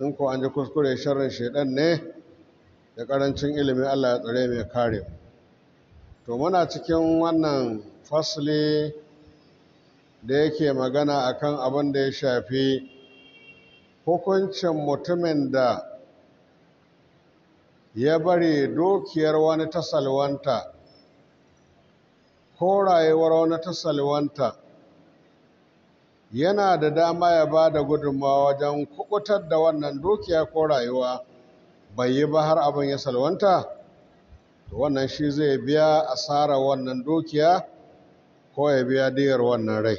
in ko an ji kuskure sharrin shaidan ne da ƙarancin ilimin Allah ya tsare mai kare to muna cikin wannan fasli da yake magana akan abin da ya shafi hukuncin mutumin da ya bari dukiyar wani tasalwanta ko rayuwar wani tasalwanta yana da dama ya ba da gudunmawa wajen kukutar da wannan dukiya ko rayuwa bai yi ba har abin ya salwanta to wannan shi zai biya asarar wannan dukiya ko ya biya diyar wannan rai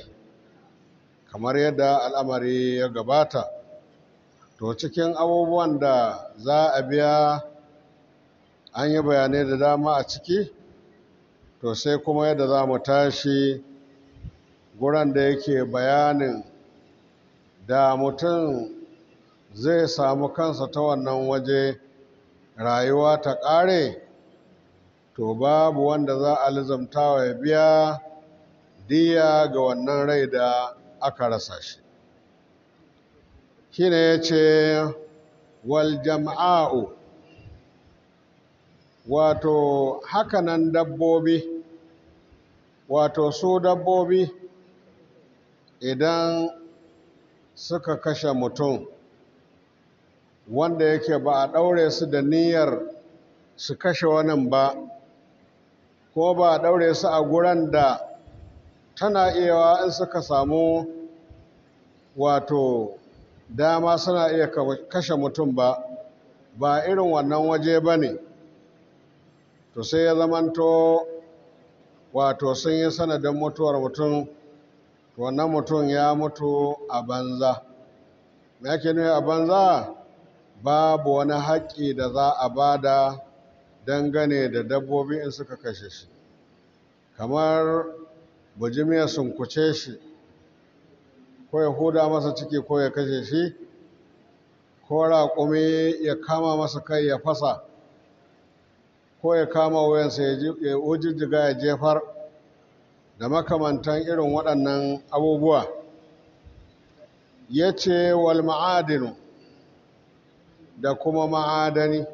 kamar yadda al'amari ya gabata to cikin abubuwan da za a biya an yi bayanai da dama a ciki to sai kuma yadda za mu tashi guran da yake bayanin da mutum zai samu kansa ta wannan waje rayuwa ta ƙare to babu wanda za a lizamtawa ya biya diya ga wannan rai da aka rasa shi shine ya ce wal jama'a'u wato hakanan dabbobi wato su dabbobi idan suka kashe mutum wanda yake ba a ɗaure su da niyyar su kashe wani ba ko ba a ɗaure su a guran da tana iyawa in suka samu wato dama suna iya kashe mutum ba ba irin wannan waje ba ne to sai ya zamanto wato sun yi sanadin mutuwar mutum wannan mutum ya mutu a banza me ake nuna a banza babu wani haƙƙi da za a da dangane da dabbobi in suka kashe shi kamar ya sunkuce shi ko ya huda masa ciki ko ya kashe shi ko raƙumi ya kama masa kai ya fasa ko ya kama wuyansa ya wujijjiga ya jefar da makamantan irin waɗannan abubuwa ya ce wal ma'adinu da kuma ma'adani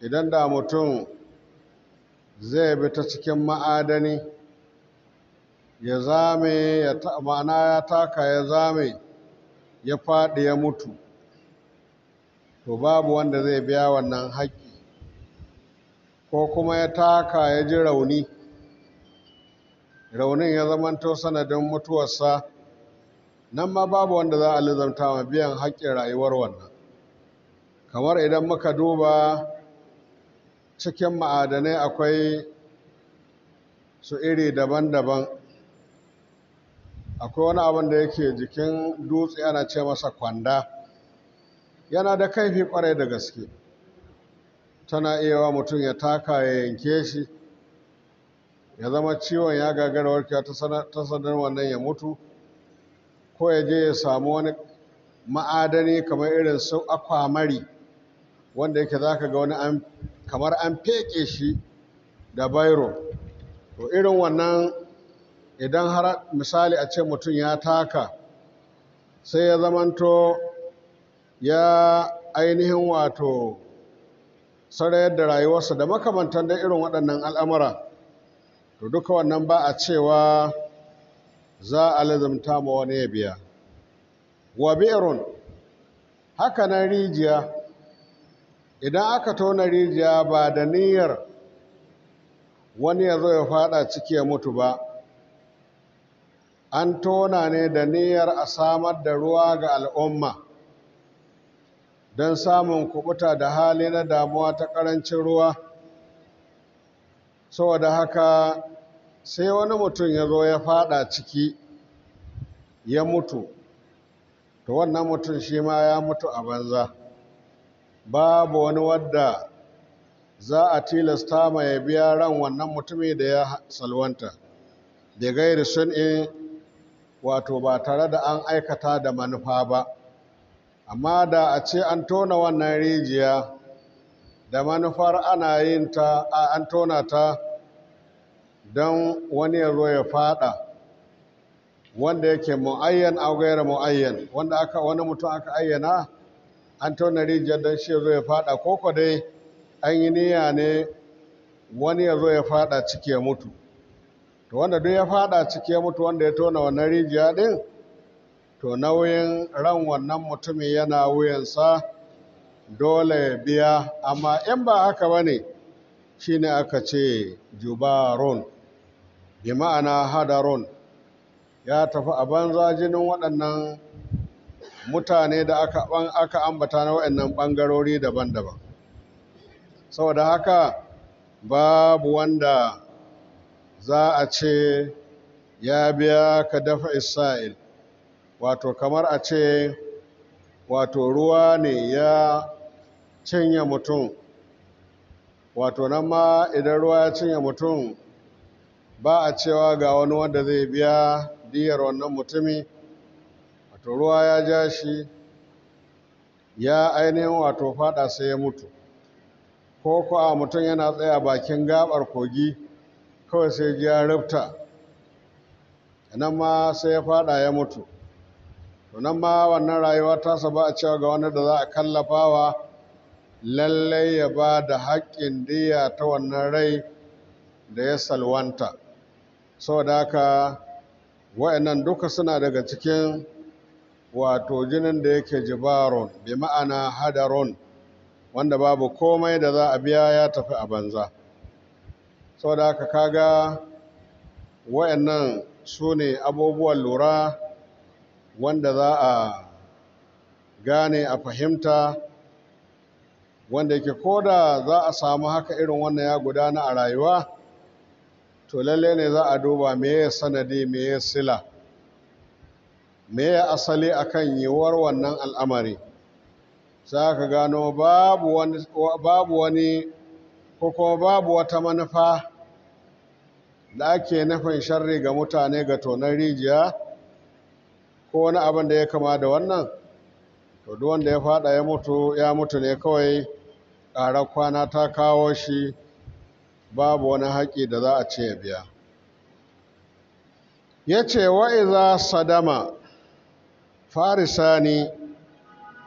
idan da mutum zai bi ta cikin ma'adani ya zame ya ma'ana ya taka ya zame ya faɗi ya mutu to babu wanda zai biya wannan haƙƙi ko kuma ya taka ya ji rauni raunin ya zamanto sanadin mutuwarsa nan ma babu wanda za a lizamta ma biyan haƙƙin rayuwar wannan kamar idan muka duba cikin ma'adanai akwai su iri daban-daban akwai wani abin da yake jikin dutse ana ce masa kwanda yana da kaifi kwarai da gaske tana iya wa mutum ya taka ya yanke shi ya zama ciwon ya gagara warkewa ta sanar wannan ya mutu ko ya je ya samu wani ma'adani kamar irin su akwamari wanda yake za ka ga wani kamar an feke shi da bairo to irin wannan idan har misali a ce mutum ya taka sai ya zamanto ya ainihin wato sarayar da rayuwarsa da makamantan da irin waɗannan al'amura to duka wannan ba a cewa za a lazumta ma wani ya biya wa bi'run haka nan rijiya idan aka tona rijiya ba da niyyar wani ya zo ya fada ciki ya mutu ba an tona ne da niyyar a samar da ruwa ga al'umma don samun kubuta da hali na damuwa ta ƙarancin ruwa saboda haka sai wani mutum ya zo ya fada ciki ya mutu to wannan mutum shi ma ya mutu a banza babu wani wadda za a tilasta ma ya biya ran wannan mutumin da ya salwanta da gairi in wato ba tare da an aikata da manufa ba amma da a ce an tona wannan rijiya da manufar ana yin ta an tona ta don wani ya zo ya fada wanda yake mu'ayyan a gaira mu'ayyan wanda aka wani mutum aka ayyana an tona rijiyar don shi ya zo ya fada koko dai an yi niyya ne wani ya zo ya fada ciki ya mutu to wanda duk ya fada ciki ya mutu wanda ya tona wannan rijiya din to nauyin ran wannan mutumin yana wuyansa dole ya biya amma in ba haka ba ne shine aka ce Jubaron. bi ma'ana hadaron ya tafi a banza jinin waɗannan mutane da aka ambata na waɗannan ɓangarori daban-daban saboda haka babu wanda za a ce ya biya ka dafa isra'il wato kamar a ce wato ruwa ne ya cinye mutum wato nan ma idan ruwa ya cinye mutum ba a cewa ga wani wanda zai biya diyar wannan mutumi wato ruwa ya ja shi ya ainihin wato fada sai ya mutu ko kuwa mutum yana tsaya bakin gabar kogi kawai sai ji ya rufta nan ma sai ya fada ya mutu to nan ma wannan rayuwa tasa ba a cewa ga wani da za a kallafawa lallai ya ba da haƙƙin diya ta wannan rai da ya salwanta saboda haka wa'annan duka suna daga cikin wato jinin da yake jibaron bi ma'ana hadaron wanda babu komai da za a biya ya tafi a banza saboda haka kaga wa'annan su ne abubuwan lura wanda za a gane a fahimta wanda yake koda za a samu haka irin wannan ya gudana a rayuwa to lalle ne za a duba me ya sanadi ya sila Me ya asali akan yiwuwar wannan al'amari za ka gano babu wani ko kuma babu wata manufa da ake nufin sharri ga mutane ga tonar rijiya ko wani abin da ya kama da wannan to duk wanda ya fada ya mutu ya mutu ne kawai ƙarar kwana ta kawo shi babu wani haƙƙi da za a ce ya biya ya ce wa'iza sadama farisani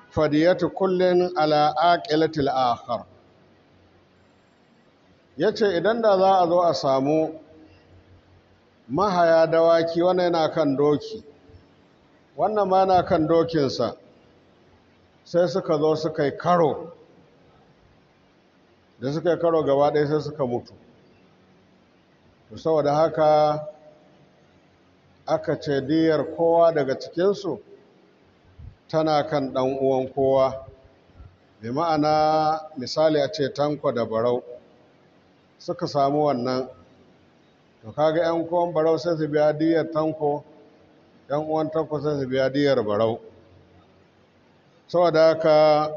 fadiyatu kullum ala akhar ya ce idan da za a zo a samu mahaya dawaki wani yana kan doki wannan ma yana kan dokinsa sai suka zo suka yi karo da suka karo gaba ɗaya sai suka mutu To saboda haka aka ce diyar kowa daga cikinsu tana kan ɗan uwan kowa bi ma'ana misali a ce tanko da barau suka samu wannan to kaga 'yan uwan barau sai su biya diyar tanko 'yan uwan tanko sai su biya diyar barau saboda haka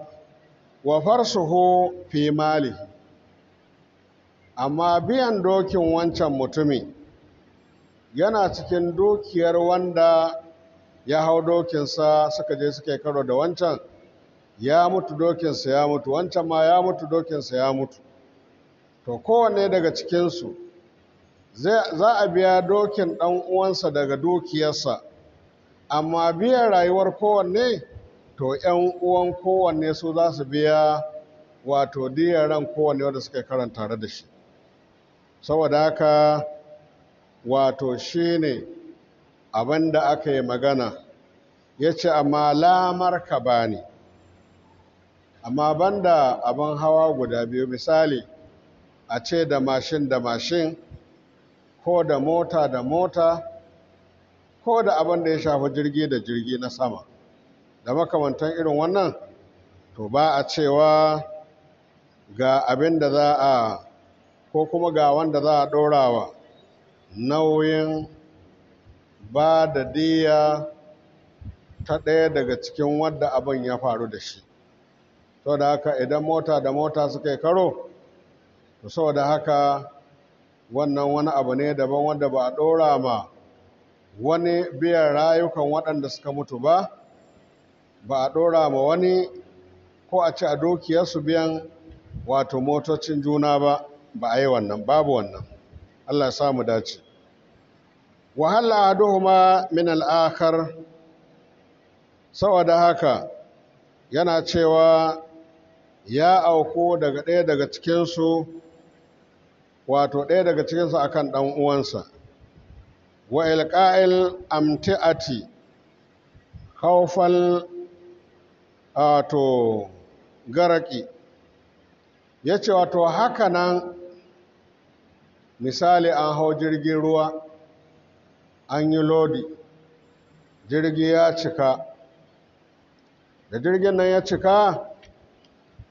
wa farsuhu fi malihi amma biyan dokin wancan mutumin yana cikin dukiyar wanda ya hau dokinsa suka je suka karo da wancan ya mutu dokinsa ya mutu wancan ma ya mutu dokinsa ya mutu to kowanne daga cikinsu za a biya dokin ɗan uwansa daga dukiyarsa amma biyan rayuwar kowanne to 'yan uwan kowanne su za su biya wato ran kowanne wanda suka karan tare da shi saboda haka wato shi ne abin da aka yi magana ya ce amma lamar ka ba ne amma banda abin hawa guda biyu misali a ce da mashin da mashin ko da mota da mota ko da abin da ya shafi jirgi da jirgi na sama da makamantan irin wannan to ba a cewa ga abin da za a ko kuma ga wanda za a ɗorawa nauyin ba da diya ta ɗaya daga cikin wadda abin ya faru da shi to da haka idan mota da mota suka yi karo to da haka wannan wani abu ne daban wanda ba a ɗora ma wani biyan rayukan waɗanda suka mutu ba ba a ɗora ma wani ko a ci a dukiyarsu biyan wato motocin juna ba ba a yi wannan babu wannan Allah ya sa mu dace wahala aduhuma min al'akar saboda haka yana cewa ya auku daga ɗaya daga cikinsu wato ɗaya daga cikinsu akan ɗan uwansa wa ilqa'il amti'ati khawfal wato garaki yace wato haka nan misali an hau jirgin ruwa an yi lodi jirgi ya cika da jirgin nan ya cika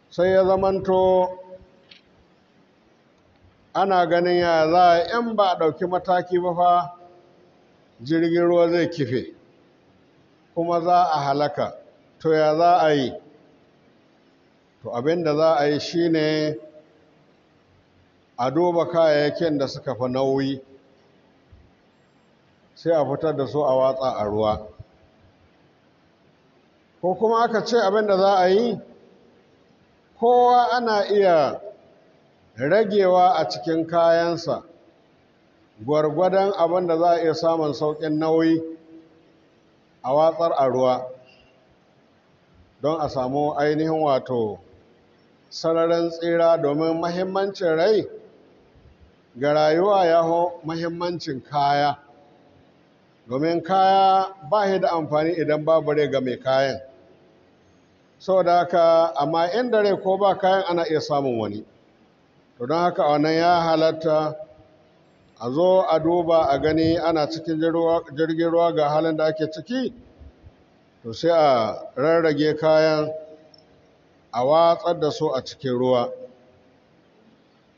sai ya zamanto ana ganin ya za a in ba a ɗauki mataki ba fa jirgin ruwa zai kife kuma za a halaka to ya za a yi to abin da za a yi shine ne a duba kayayyakin da suka fi nauyi sai a fitar da su a watsa a ruwa ko kuma aka ce abin da za a yi kowa ana iya ragewa a cikin kayansa gwargwadon abin da za a iya samun sauƙin nauyi a watsar a ruwa don a samu ainihin wato sararin tsira domin mahimmancin rai ga rayuwa ya ho mahimmancin kaya domin kaya ba shi da amfani idan babu rai ga mai kayan Sau da haka amma inda rai ko ba kayan ana iya samun wani to don haka wannan ya halatta a zo a duba a gani ana cikin jirgin ruwa ga halin da ake ciki to sai a rarrage kayan a watsar da su a cikin ruwa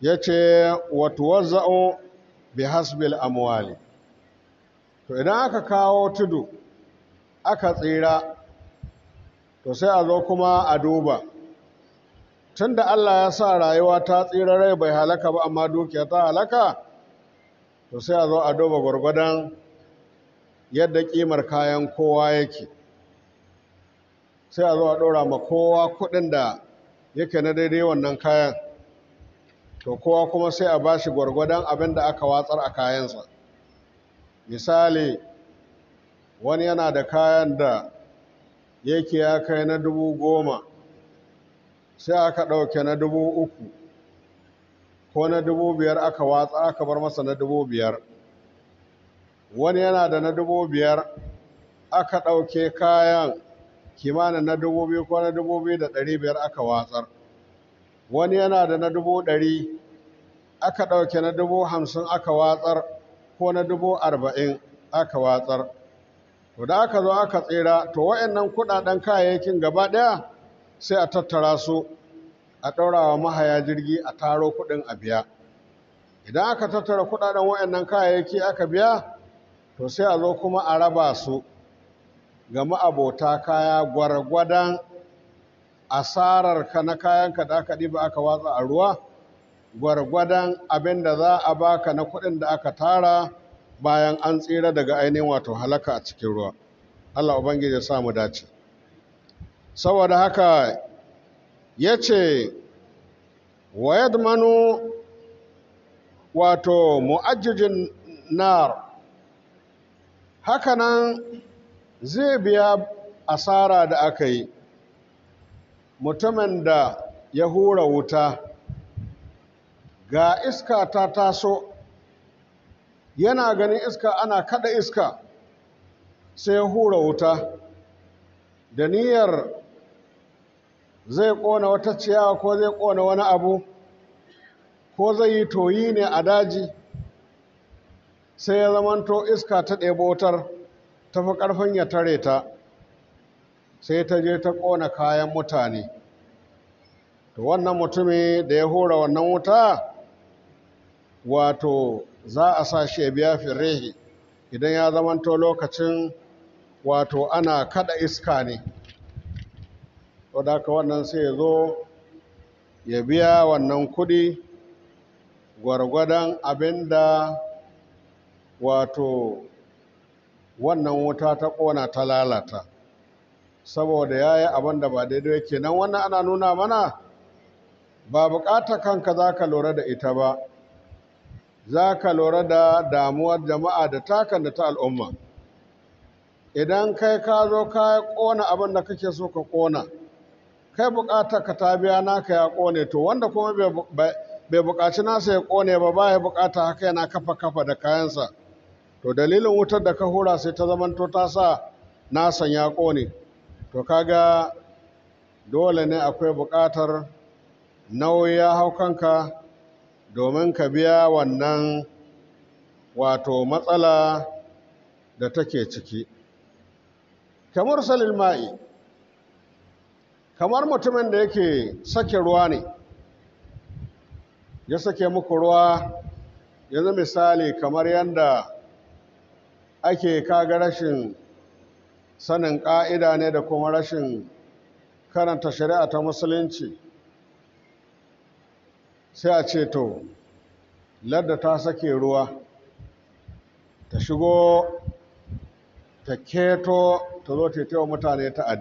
ya ce watuwazza'u bi hasbil amwali to idan aka kawo tudu aka tsira to sai a zo kuma a duba Tunda allah ya sa rayuwa ta tsira rai bai halaka ba amma dukiya ta halaka to sai a zo a duba gwargwadon yadda kimar kayan kowa yake sai a zo a ɗora ma kowa kuɗin da yake na daidai wannan kayan to kowa kuma sai a bashi gwargwadon abin da aka watsar a kayansa misali wani yana da kayan da yake ya kai na dubu goma sai aka ɗauke na dubu uku ko na dubu biyar aka watsa aka bar masa na dubu biyar wani yana da na dubu biyar aka ɗauke kayan kimanin na dubu biyu ko na dubu biyu da ɗari biyar aka watsar wani yana da na dubu ɗari aka ɗauke na dubu hamsin aka watsar ko na dubu arba'in aka watsar to da aka zo aka tsira to wa'annan kuɗaɗen kayayyakin gaba ɗaya sai a tattara su a ɗaurawa mahaya jirgi a taro kuɗin a biya idan aka tattara kuɗaɗen wa'annan kayayyaki aka biya to sai a zo kuma a raba su ga ma'abota kaya gwargwadon asarar ka na kayanka da aka ɗiba aka watsa a ruwa gwargwadon abin da za a baka na kuɗin da aka tara bayan an tsira daga ainihin wato halaka a cikin ruwa Allah Ubangiji ya sa mu dace saboda haka ya ce wa yadmanu wato mu'ajjijin nar hakanan zai biya asara da aka yi mutumin da ya hura wuta ga iska ta taso yana ganin iska ana kada iska sai ya hura wuta da niyyar zai ƙona wata ciyawa ko zai ƙona wani abu ko zai yi toyi ne a daji sai ya zamanto iska ta ɗebo wutar tafi ƙarfin ya tare ta sai ta je ta ƙona kayan mutane to wannan mutumin da ya hura wannan wuta wato za a sa shi ya biya firehi idan ya zamanto lokacin wato ana kada iska ne to da wannan sai ya zo ya biya wannan kuɗi gwargwadon abin da wato wannan wuta ta ƙona ta lalata saboda ya yi abin da ba daidai yake nan wannan ana nuna mana ba buƙatar kanka za ka lura da ita ba za ka lura da damuwar jama'a da takan da ta al'umma idan kai ka zo ka ƙona abin da kake so ka ƙona kai buƙatar ka ta biya naka ya ƙone to wanda kuma bai buƙaci nasa ya ƙone ba ba ya buƙata haka yana kafa kafa da kayansa to dalilin wutar da ka hura sai ta zamanto ta sa nasan ya ƙone to kaga dole ne akwai buƙatar nauyi ya hau kanka domin ka biya wannan wato matsala da take ciki kamar salil ma'i kamar mutumin da yake sake ruwa ne ya sake muku ruwa yanzu misali kamar yadda ake kaga rashin sanin ƙa'ida ne da kuma rashin karanta shari'a ta musulunci sai a ce to ladda ta sake ruwa ta shigo ta keto ta zo ta wa mutane ta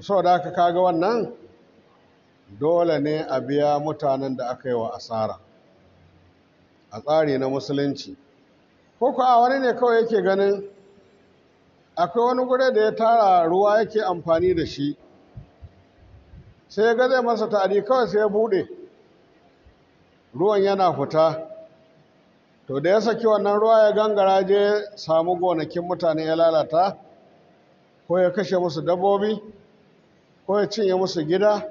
sau da aka kaga wannan dole ne a biya mutanen da aka yi wa asara a tsari na musulunci ko kuwa wani ne kawai yake ganin akwai wani gure da ya tara ruwa yake amfani da shi sai ga zai masa tari kawai sai ya bude. ruwan yana fita to da ya saki wannan ruwa ya gangara je samu gonakin mutane ya lalata ko ya kashe musu dabbobi ko ya cinye musu gida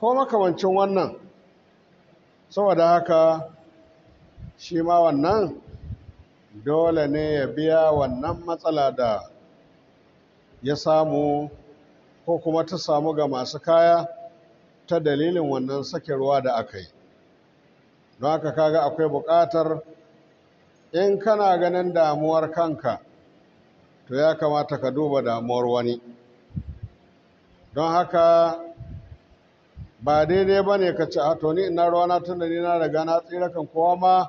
ko makamancin wannan saboda haka shi ma wannan dole ne ya biya wannan matsala da ya samu ko kuma ta samu ga masu kaya ta dalilin wannan sake ruwa da aka yi don haka kaga akwai buƙatar in kana ganin damuwar kanka to ya kamata ka duba damuwar wani don haka ba daidai ba ne ka ce a to ni ina ruwana tun da ni na riga na tsira kan kowa ma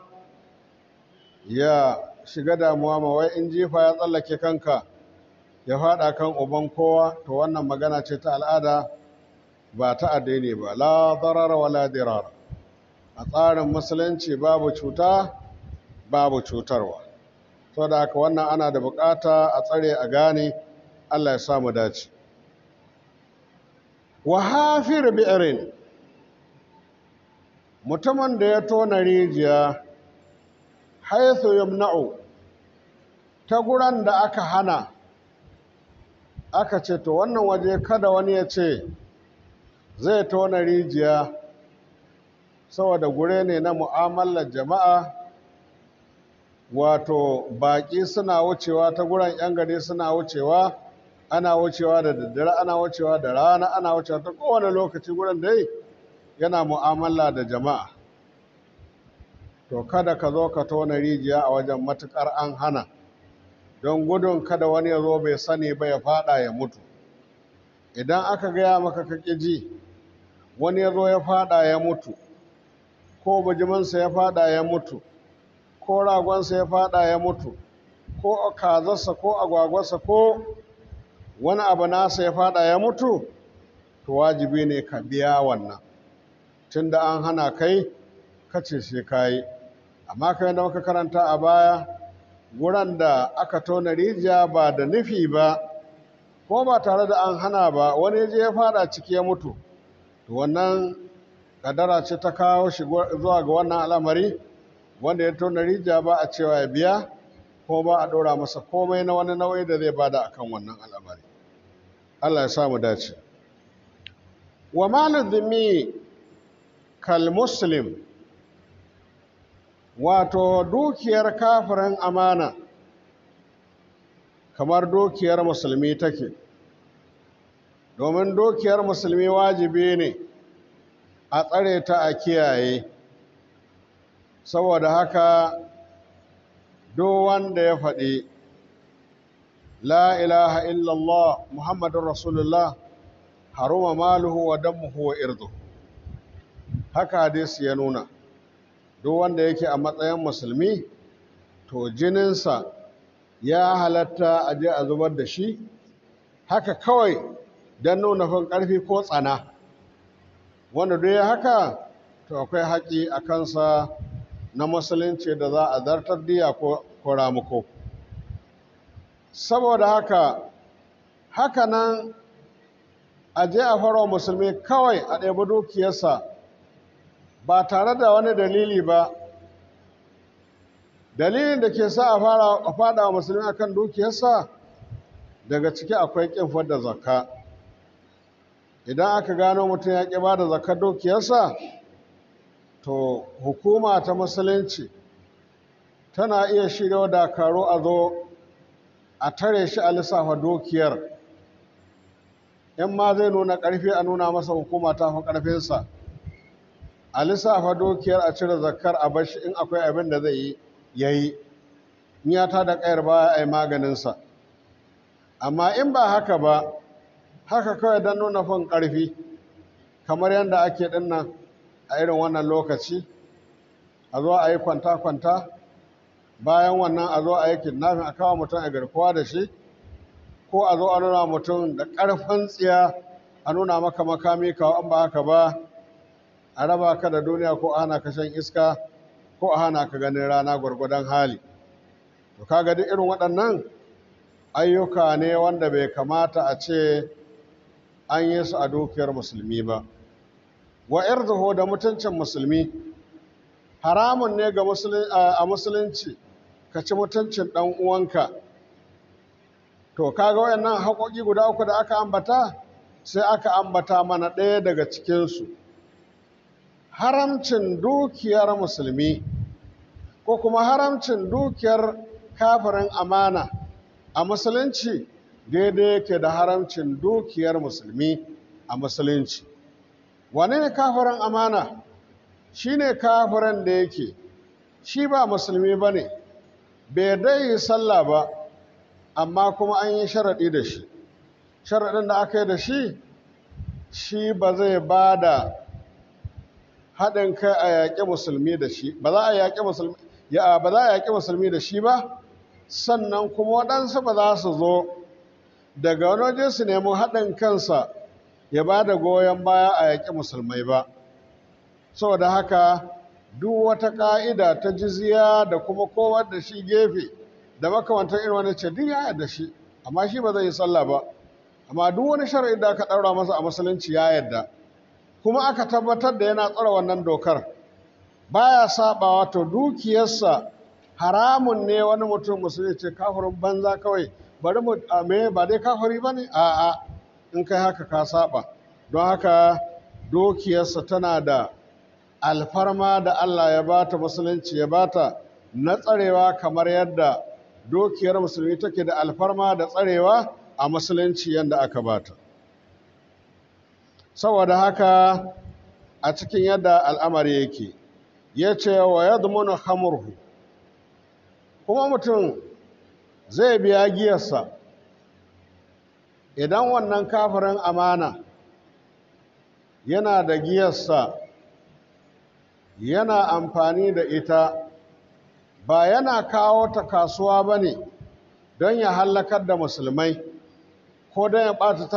ya shiga damuwa ma wai in jifa ya tsallake kanka ya faɗa kan uban kowa to wannan magana ce ta al'ada ba ta addini ba la darara wala dirar a tsarin musulunci babu cuta babu cutarwa to da haka wannan ana da bukata a tsare a gane Allah ya samu dace wa hafir bi'rin mutumin da ya tona rijiya haisu yamna'u ta guran da aka hana aka ce to wannan waje kada wani ya ce zai tona rijiya saboda gure ne na mu'amalar jama'a wato baƙi suna wucewa ta guran 'yan gari suna wucewa ana wucewa da daddare ana wucewa da rana ana wucewa ta kowane lokaci guran dai yana mu'amala da jama'a to kada ka zo ka tona rijiya a wajen matuƙar an hana don gudun kada wani ya zo bai sani ba ya fada ya mutu idan aka gaya maka ka ji wani ya zo ya fada ya mutu ko bijimansa ya fada ya mutu ko ragonsa ya fada ya mutu ko kazarsa ko agwagwarsa ko wani abu nasa ya fada ya mutu to wajibi ne ka biya wannan tunda an hana kai kace sai ka yi amma kai da muka karanta a baya wuran da aka tona rijiya ba da nufi ba ko ba tare da an hana ba wani je ya fada ciki ya mutu to wannan kadara ce ta kawo shi zuwa ga wannan al'amari wanda ya tona rijiya ba a cewa ya biya ko ba a ɗora masa komai na wani nau'i da zai bada kan wannan al'amari Allah ya samu dace wa malu zumi kal muslim wato dukiyar kafirin amana kamar dukiyar musulmi take domin dukiyar musulmi wajibi ne a tsare ta a kiyaye saboda haka duk wanda ya faɗi la ilaha illallah muhammadun rasulullah haruma maluhu wa dammuhu wa irdu haka hadisi ya nuna duk wanda yake a matsayin musulmi to jininsa ya halatta a je a zubar da shi haka kawai don nuna fin ƙarfi ko tsana wanda duk ya haka to akwai haƙi a kansa na musulunci da za a zartar diya ko ramuko saboda haka haka nan a je a faro musulmi kawai a ɗebi dukiyarsa ba tare da wani dalili ba dalilin da ke sa a fara a fada wa musulmi akan dukiyarsa daga ciki akwai kin da zakka idan aka gano mutum ya ƙi bada da dukiyarsa to hukuma ta musulunci tana iya shirya dakaru a zo a tare shi a lissafa dukiyar in ma zai nuna ƙarfi a nuna masa hukuma ta fi ƙarfinsa a lissafa dukiyar a cire zakkar a bashi in akwai abin da zai yi ya yi in ya tada kayar baya a yi maganinsa amma in ba haka ba haka kawai don nuna fin ƙarfi kamar yadda ake dinnan a irin wannan lokaci a zo a yi kwanta-kwanta bayan wannan a zo a yi kidnapping a kawo mutum a garkuwa da shi ko a zo a nuna mutum da ƙarfin tsiya a nuna maka makami kawo an ba haka ba a raba ka da duniya ko a hana ka shan iska ko a hana ka ganin rana gwargwadon hali to kaga duk irin waɗannan ayyuka ne wanda bai kamata a ce an yi su a dukiyar musulmi ba wa irzuhu da mutuncin musulmi haramun ne ga a musulunci ka ci mutuncin ɗan uwanka to kaga wayannan haƙoƙi guda uku da aka ambata sai aka ambata mana ɗaya daga cikinsu haramcin dukiyar musulmi ko kuma haramcin dukiyar kafirin amana a musulunci daidai yake da haramcin dukiyar musulmi a musulunci wane ne kafirin amana shi ne kafirin da yake shi ba musulmi ba ne bai dai yi sallah ba amma kuma an yi sharaɗi da shi sharaɗin da aka yi da shi shi ba zai ba da haɗin kai a yaƙi musulmi da shi ba za a yaƙi musulmi ya ba za a yaƙi musulmi da shi ba sannan kuma waɗansu ba za su zo daga wani waje su nemi haɗin kansa ya ba da goyon baya a yaƙi musulmai ba saboda haka duk wata ƙa'ida ta jiziya da kuma kowa da shi gefe da makamantar irin wani ce duk ya da shi amma shi ba zai yi sallah ba amma duk wani shari'i da aka ɗaura masa a musulunci ya yarda kuma aka tabbatar da yana tsara wannan dokar baya saɓawa to dukiyarsa haramun ne wani mutum musulmi ce kafirin banza kawai bari mu me ba dai kafiri bane a a in kai haka ka saba don haka dukiyarsa tana da alfarma da Allah ya bata musulunci ya bata na tsarewa kamar yadda dukiyar musulmi take da alfarma da tsarewa a musulunci yadda aka bata saboda haka a cikin yadda al'amari yake ya ce wa yadmunu hamurhu kuma mutum zai biya giyarsa idan wannan kafirin amana yana da giyarsa yana amfani da ita ba yana kawo ta kasuwa ba ne don ya hallakar da musulmai ko don ya ɓata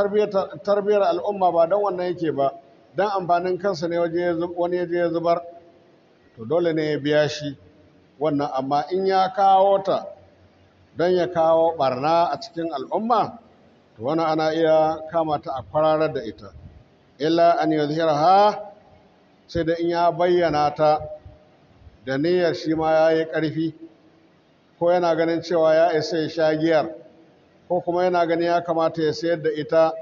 tarbiyyar al'umma ba don wannan yake ba don amfanin kansa ne wani ya je ya zubar to dole ne ya biya shi wannan amma in ya kawo ta don ya kawo barna a cikin al'umma to wani ana iya kama ta a kwararar da ita illa an yuzhira ha sai da in ya bayyana ta da niyyar shi ma ya yi ƙarfi ko yana ganin cewa ya isa ya sha giyar ko kuma yana gani ya kamata ya sayar da ita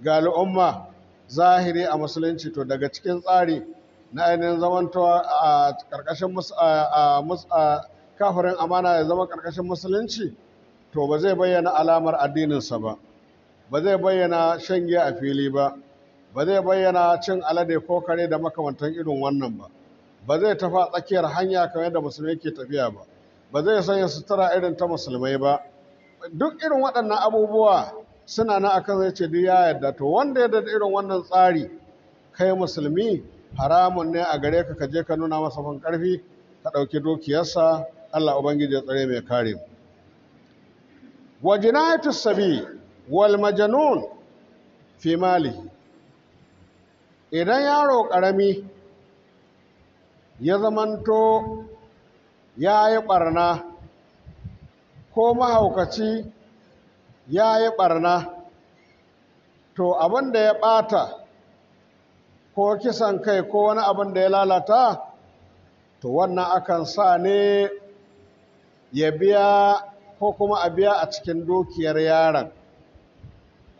ga al'umma zahiri a musulunci to daga cikin tsari na ainihin zamantawa a karkashin kafirin amana ya zama karkashin musulunci to ba zai bayyana alamar addininsa ba ba zai bayyana shan a fili ba ba zai bayyana cin alade ko kare da makamantan irin wannan ba ba zai tafa tsakiyar hanya kamar yadda musulmi ke tafiya ba ba zai sanya sutura irin ta musulmai ba duk irin waɗannan abubuwa suna na akan zai ce duk ya yadda to wanda ya da irin wannan tsari kai musulmi haramun ne a gare ka ka je ka nuna masa fan ƙarfi ka ɗauki dukiyarsa Allah ubangiji ya tsare mai kare mu. wa jinayatu sabi wal majnun fi mali idan yaro ƙarami ya zamanto ya yi ɓarna ko mahaukaci ya yi ɓarna to abin da ya ɓata ko kisan kai ko wani abin da ya lalata to wannan akan sa ne ya biya ko kuma a biya a cikin dukiyar yaron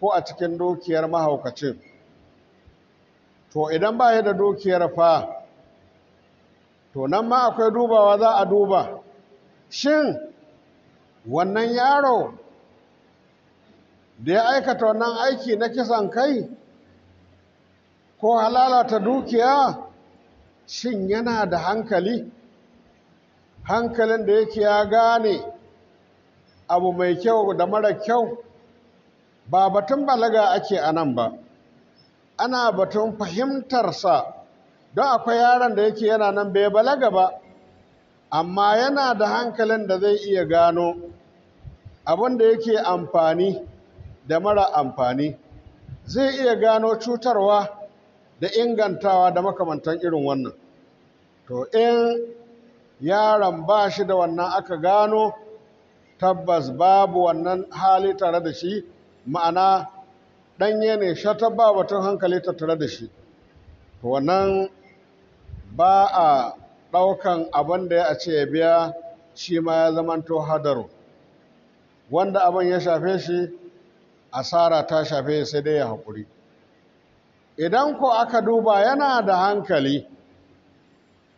ko a cikin dukiyar mahaukacin to idan ba ya da dukiyar fa to nan ma akwai dubawa za a duba shin wannan yaro da ya aikata wannan aiki na kisan kai ko halalata dukiya shin yana da hankali hankalin da yake ya gane abu mai kyau da mara kyau ba batun balaga ake a nan ba ana batun fahimtarsa don akwai yaron da yake yana nan bai balaga ba amma yana da hankalin da zai iya gano abin da yake amfani da mara amfani zai iya gano cutarwa da ingantawa da makamantan irin wannan to in yaron ba shi da wannan aka gano tabbas babu wannan hali tare da shi ma'ana ɗanye ne shata ba batun hankali ta tare da shi to wannan ba a ɗaukan abin da ya ce ya biya shi ma ya zamanto hadaru wanda abin ya shafe shi asara ta shafe sai dai ya haƙuri idan ko aka duba yana da hankali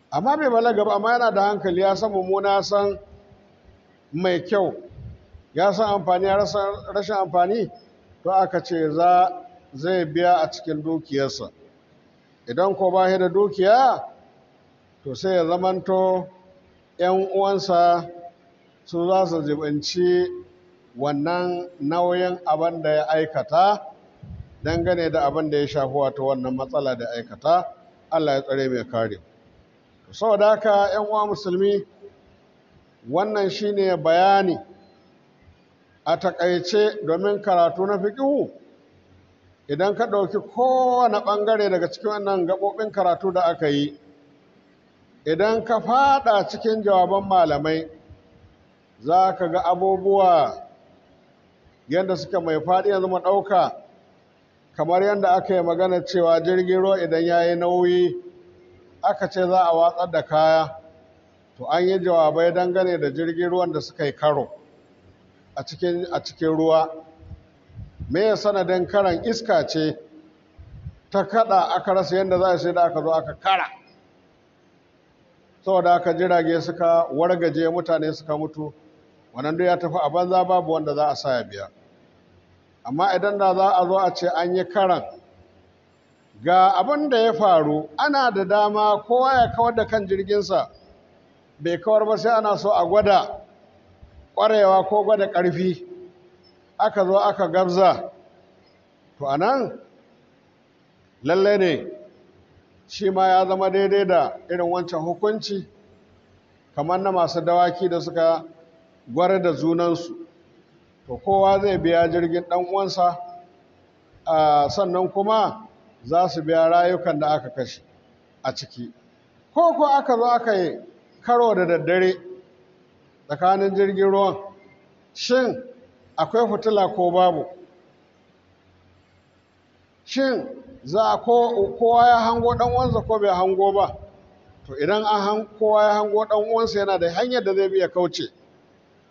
amma mai balaga gaba. amma yana da hankali ya san mummuna san mai kyau ya san amfani ya rashin amfani to aka ce za zai biya a cikin dukiyarsa idan ko ba da dukiya to sai ya zamanto 'yan uwansa su za su jibanci wannan nauyin abin da ya aikata dangane da abin da ya shafi wato wannan matsala da aikata Allah ya tsare mai kare saboda haka 'yan uwa musulmi wannan shine bayani a takaice domin karatu na fi ƙihu. idan ka ɗauki kowane ɓangare daga cikin wannan gaɓoɓin karatu da aka yi idan ka fada cikin jawaban malamai za ka ga abubuwa yadda suka mai faɗi yanzu mu ɗauka kamar yadda aka yi magana cewa jirgin ruwa idan ya yi nauyi aka ce za a watsar da kaya to an yi jawabai dangane da jirgin ruwan da suka yi karo a cikin ruwa me ya sanadin karan iska ce ta kada aka rasa yadda za a sai da aka zo aka kara saboda aka jirage suka wargaje mutane suka mutu wannan duk ya tafi a banza babu wanda za a sa ya biya amma idan da za a zo a ce an yi karan ga abin da ya faru ana da dama kowa ya kawar da kan jirginsa bai kawar ba sai ana so a gwada ƙwarewa ko gwada ƙarfi aka zo aka gabza to anan lallai ne shi ma ya zama daidai da irin wancan hukunci kamar na masu dawaki da suka gwara da junansu to kowa zai biya jirgin ɗan uwansa sannan kuma za su biya rayukan da aka kashe a ciki ko ko aka zo aka yi karo da daddare tsakanin jirgin ruwan shin akwai fitila ko babu shin za ko kowa ya hango dan uwansa ko bai hango ba to idan an kowa ya hango dan uwansa yana da hanyar da zai biya kauce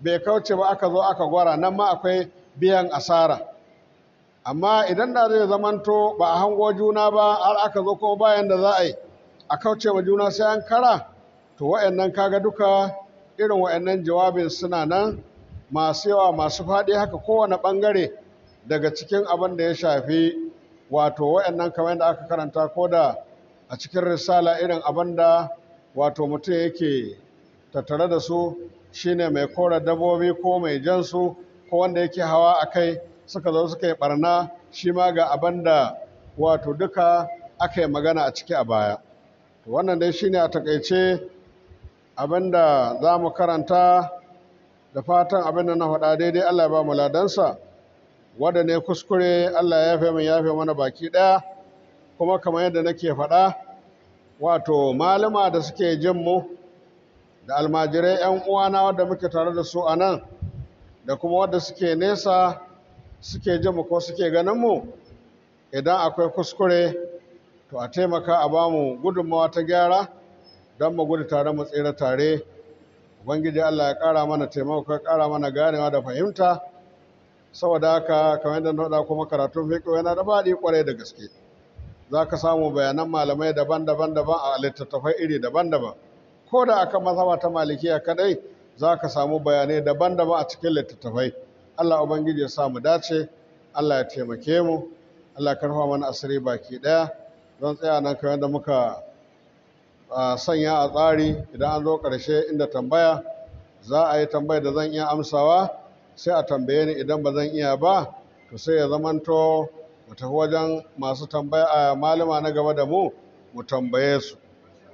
bai kauce ba aka zo aka gwara nan ma akwai biyan asara amma idan da zai zamanto ba a hango juna ba har aka zo kuma bayan da za a yi a kauce wa juna sai an kara to wa'annan kaga duka irin wa'annan jawabin suna nan masu yawa masu faɗi haka kowane ɓangare daga cikin abin da ya shafi wato wayannan kamar da aka karanta ko da a cikin risala irin abin da wato mutum yake tattare da su shine mai kora dabbobi ko mai jansu ko wanda yake hawa a kai suka zo suka yi barna shi ma ga abin da wato duka aka yi magana a ciki a baya wannan dai shine a takaice abin da za mu karanta da fatan abin da na faɗa daidai allah ya ba mu ladansa wanda ne kuskure Allah ya fi min ya fi mana baki ɗaya kuma kamar yadda nake faɗa wato malama da suke jin mu da almajirai 'yan uwana wadda muke tare da su a nan da kuma wadda suke nesa suke jin mu ko suke ganin mu idan akwai kuskure to a taimaka a ba mu gudunmawa ta gyara don mu gudu tare mu tsira tare ubangiji allah ya ƙara mana taimako ya ƙara mana ganewa da fahimta saboda haka kamar yadda na faɗa kuma karatun fiƙo yana da faɗi ƙwarai da gaske za ka samu bayanan malamai daban-daban daban a littattafai iri daban-daban ko da aka mazhaba ta malikiya kadai za ka samu bayanai daban-daban a cikin littattafai allah ubangiji ya samu dace allah ya taimake mu allah karfa mana asiri baki ɗaya zan tsaya nan kamar yadda muka sanya a tsari idan an zo karshe inda tambaya za a yi tambayar da zan iya amsawa sai a tambaye ni idan ba zan iya ba to sai ya zamanto mu tafi wajen masu tambaya a malama na gaba da mu mu tambaye su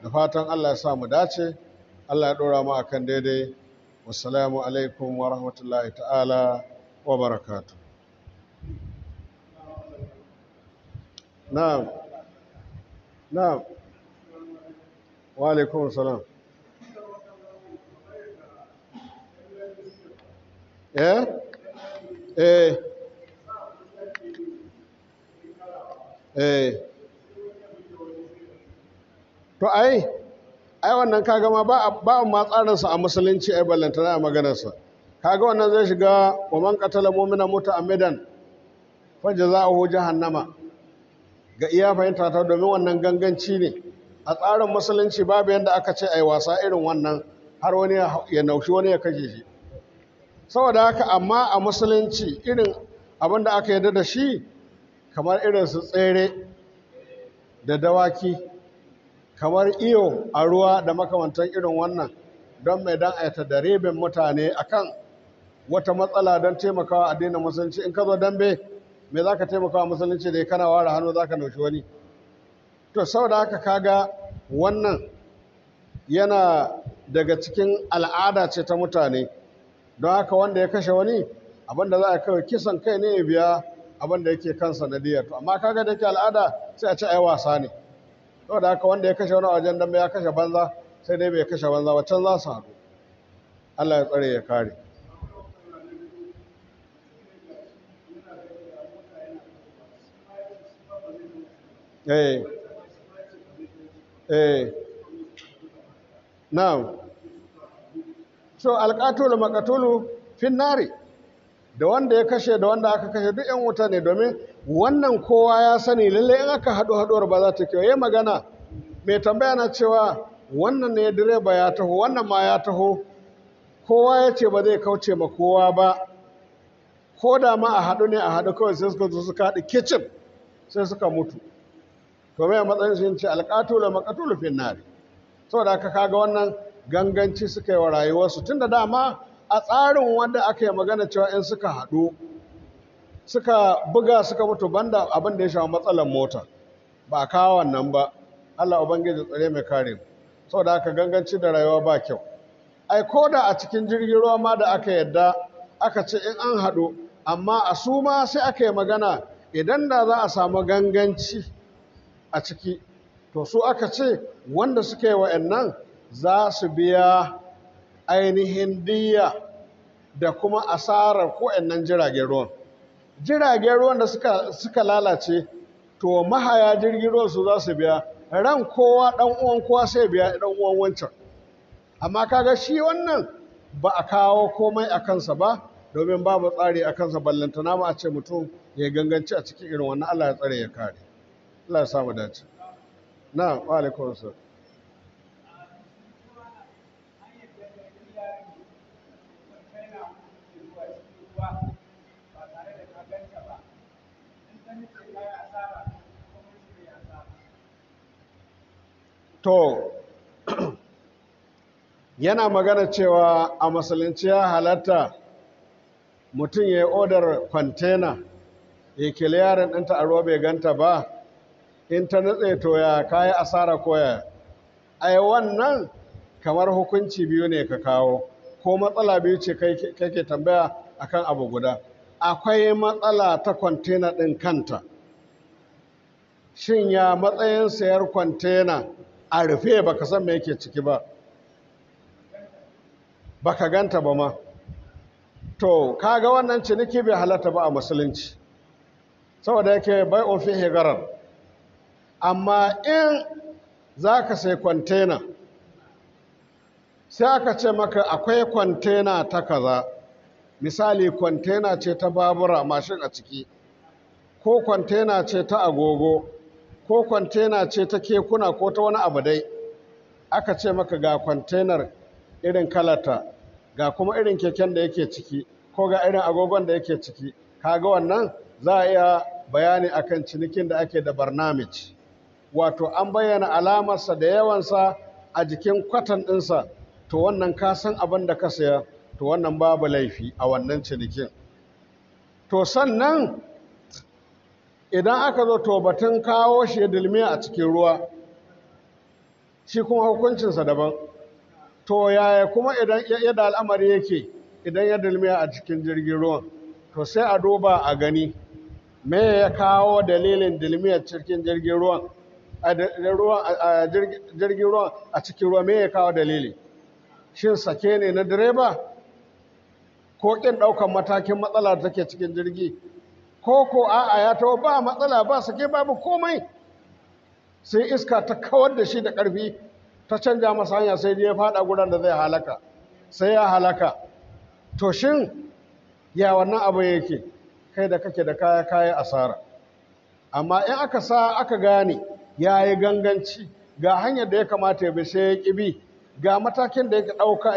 da fatan Allah ya sa mu dace Allah ya ɗora mu akan daidai wassalamu alaikum wa rahmatullahi ta'ala wa barakatu na'am na'am wa alaikum salam to ai ai wannan kaga ma ba ba ma sa a musulunci ai na a maganarsa kaga wannan zai shiga wa man qatala mu'mina muta'ammidan fa jazaohu jahannama ga iya fahimta ta domin wannan ganganci ne a tsarin musulunci babu yadda aka ce ai wasa irin wannan har wani ya naushi wani ya kashe shi saboda haka amma a musulunci irin abin da aka yarda da shi kamar irin su tsere da dawaki kamar iyo a ruwa da makamantan irin wannan don mai dan aita da rebin mutane akan wata matsala don taimakawa addinin musulunci in ka zo dambe Mai za ka taimakawa musulunci da kana ware hannu za ka naushi wani to saboda haka kaga wannan yana daga cikin al'ada ce ta mutane don haka wanda ya kashe wani abin za a kawai kisan kai ne ya biya abin da yake kansa na to amma kaga da ke al'ada sai a ce ai wasa ne da haka wanda ya kashe wani a wajen dan ya kashe banza sai dai bai kashe banza ba can za su haɗu Allah ya tsare ya kare eh eh now so alƙatulu fin finnari da wanda ya kashe da wanda aka kashe duk 'yan wuta ne domin wannan kowa ya sani lalle in aka haɗu haɗuwar ba za ta yi magana mai tambaya na cewa wannan ne direba ya taho wannan ma ya taho kowa ya ce ba zai kauce ma kowa ba ko da ma a haɗu ne a haɗu kawai sai suka zo suka haɗu kicin sai suka mutu to mai matsayin shi ce alƙatulu makatulu finnari saboda aka kaga wannan ganganci suka yi wa rayuwarsu tun da dama a tsarin wanda aka yi magana cewa in suka haɗu suka buga suka mutu banda abin da ya shafi matsalar mota ba a kawo wannan ba Allah ubangiji tsare mai kare mu saboda haka ganganci da rayuwa ba kyau ai ko da a cikin jirgin ruwa ma da aka yadda aka ce in an haɗu amma a su ma sai aka yi magana idan da za a samu ganganci a ciki to su aka ce wanda suka yi wa'annan za su biya ainihin diya da kuma asarar ko'annan jiragen ruwan jiragen ruwan da suka lalace to mahaya jirgin ruwan su za su biya ran kowa ɗan'uwan uwan kowa sai biya ɗan uwan wancan amma kaga shi wannan ba a kawo komai a kansa ba domin babu tsari a kansa ballantana ba a ce mutum ya ganganci a cikin irin wannan Allah ya tsare ya kare Allah ya samu dace na wa alaikum to yana magana cewa a musulunci ya halatta mutum ya yi odar kwantena ya ɗinta a ruwa bai ganta ba in ta nutse to ya kayi asara koya ai wannan kamar hukunci biyu ne ka kawo ko matsala biyu ce kake tambaya akan abu guda akwai matsala ta kwantena ɗin kanta shin ya matsayin sayar kwantena a rufe ka san me yake ciki ba ba ka ganta ba ma to kaga wannan ciniki bai halatta ba a musulunci saboda yake bai ofi hegarar amma in za ka sai kwantena sai aka ce maka akwai kwantena ta kaza misali kwantena ce ta babura mashin a ciki ko kwantena ce ta agogo ko kwantena ce ta kekuna ko ta wani abu dai aka ce maka ga kwantenar irin kalata ga kuma irin keken da yake ciki ko ga irin agogon da yake ciki kaga wannan za a iya bayani akan cinikin da ake da barnamij wato an bayyana alamarsa da yawansa a jikin kwatan ɗinsa to wannan ka san abin da ka saya to wannan babu laifi a wannan cinikin to sannan idan aka zo to batun kawo shi ya dilmiya a cikin ruwa shi kuma hukuncinsa daban to yaya kuma idan yadda al'amari yake idan ya dilmiya a cikin jirgin ruwan to sai a duba a gani me ya kawo dalilin dilmiyar cikin jirgin ruwan a jirgin ruwan a cikin ruwa me ya kawo dalili shin sake ne na direba ko ƙin ɗaukar matakin matsala da take cikin jirgi ko ko a'a ya taho ba matsala ba sake babu komai sai iska ta kawar da shi da ƙarfi ta canja masa hanya sai dai ya faɗa gudan da zai halaka sai ya halaka to shin ya wannan abu yake kai da kake da kaya kaya asara amma in aka sa aka gane ya yi ganganci ga hanyar da ya kamata ya bi sai ya bi ga matakin da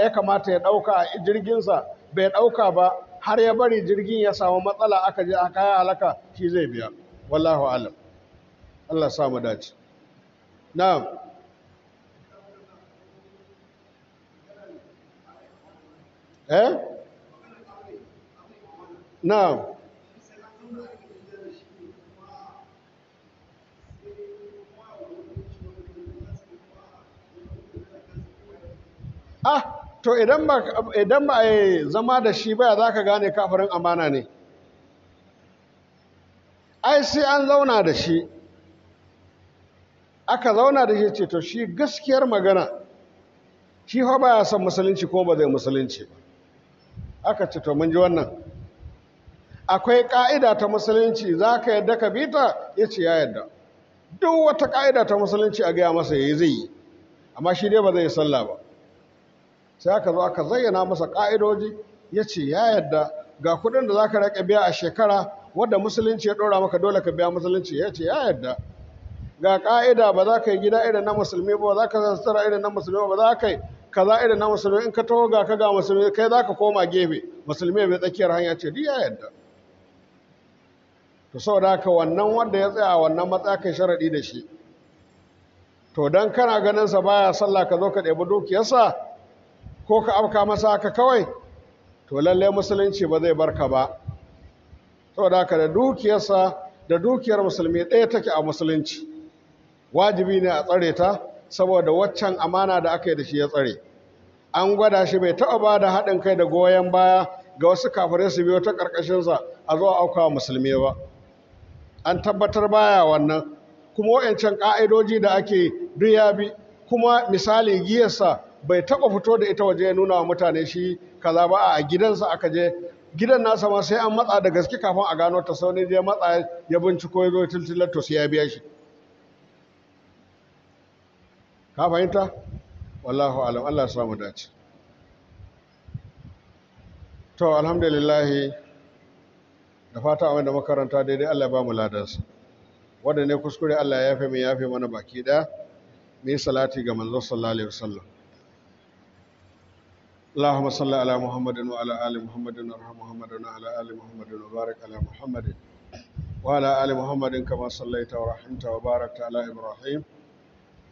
ya kamata ya ɗauka a jirginsa bai ɗauka ba har ya bari jirgin ya samu matsala aka je a kaya alaka shi zai biya wallahu alam Allah sa mu dace na'am eh na'am ah to idan ba idan ba zama da shi ba za ka gane kafirin amana ne ai sai an zauna da shi aka zauna da shi ce to shi gaskiyar magana shi fa baya son musulunci ko ba zai musulunci ba aka ce to mun ji wannan akwai ka'ida ta musulunci za ka yadda ka bi ta ya ce ya yadda duk wata ka'ida ta musulunci a gaya masa ya yi zai yi amma shi dai ba zai yi sallah ba sai aka zo aka zayyana masa ƙa'idoji ya ce ya yadda ga kuɗin da za ka raƙa biya a shekara wadda musulunci ya ɗora maka dole ka biya musulunci ya ce ya yadda ga ƙa'ida ba za ka yi gida irin na musulmi ba za ka zazzara irin na musulmi ba za ka yi kaza irin na musulmi in ka taho ga ka ga musulmi kai za ka koma gefe musulmi mai tsakiyar hanya ce duk ya yadda to saboda haka wannan wanda ya tsaya a wannan matsaya kai sharaɗi da shi to dan kana ganin sa baya sallah ka zo ka ɗebi dukiyarsa ko ka afka masa haka kawai to lallai musulunci ba zai barka ba saboda haka da dukiyarsa da dukiyar musulmi ɗaya take a musulunci wajibi ne a tsare ta saboda waccan amana da aka yi da shi ya tsare an gwada shi bai taɓa ba da haɗin kai da goyon baya ga wasu kafirai su biyo ta ƙarƙashinsa a zuwa auka musulmi ba an tabbatar baya wannan kuma wa'ancan ƙa'idoji da ake duk ya bi kuma misali giyarsa bai taɓa fito da ita waje ya nuna wa mutane shi kaza ba a gidansa aka je gidan nasa ma sai an matsa da gaske kafin a gano ta sau ne ya matsa ya binciko ya zo ya to ya biya shi ka fahimta wallahu alam Allah ya samu dace to alhamdulillahi da fata wanda makaranta daidai Allah ba mu ladarsa wanda ne kuskure Allah ya yafe ya yafe mana baki daya mai salati ga manzo sallallahu alaihi wasallam اللهم صل على محمد وعلى آل محمد وارحم محمد وعلى آل محمد وبارك على محمد وعلى آل محمد كما صليت ورحمت وباركت على إبراهيم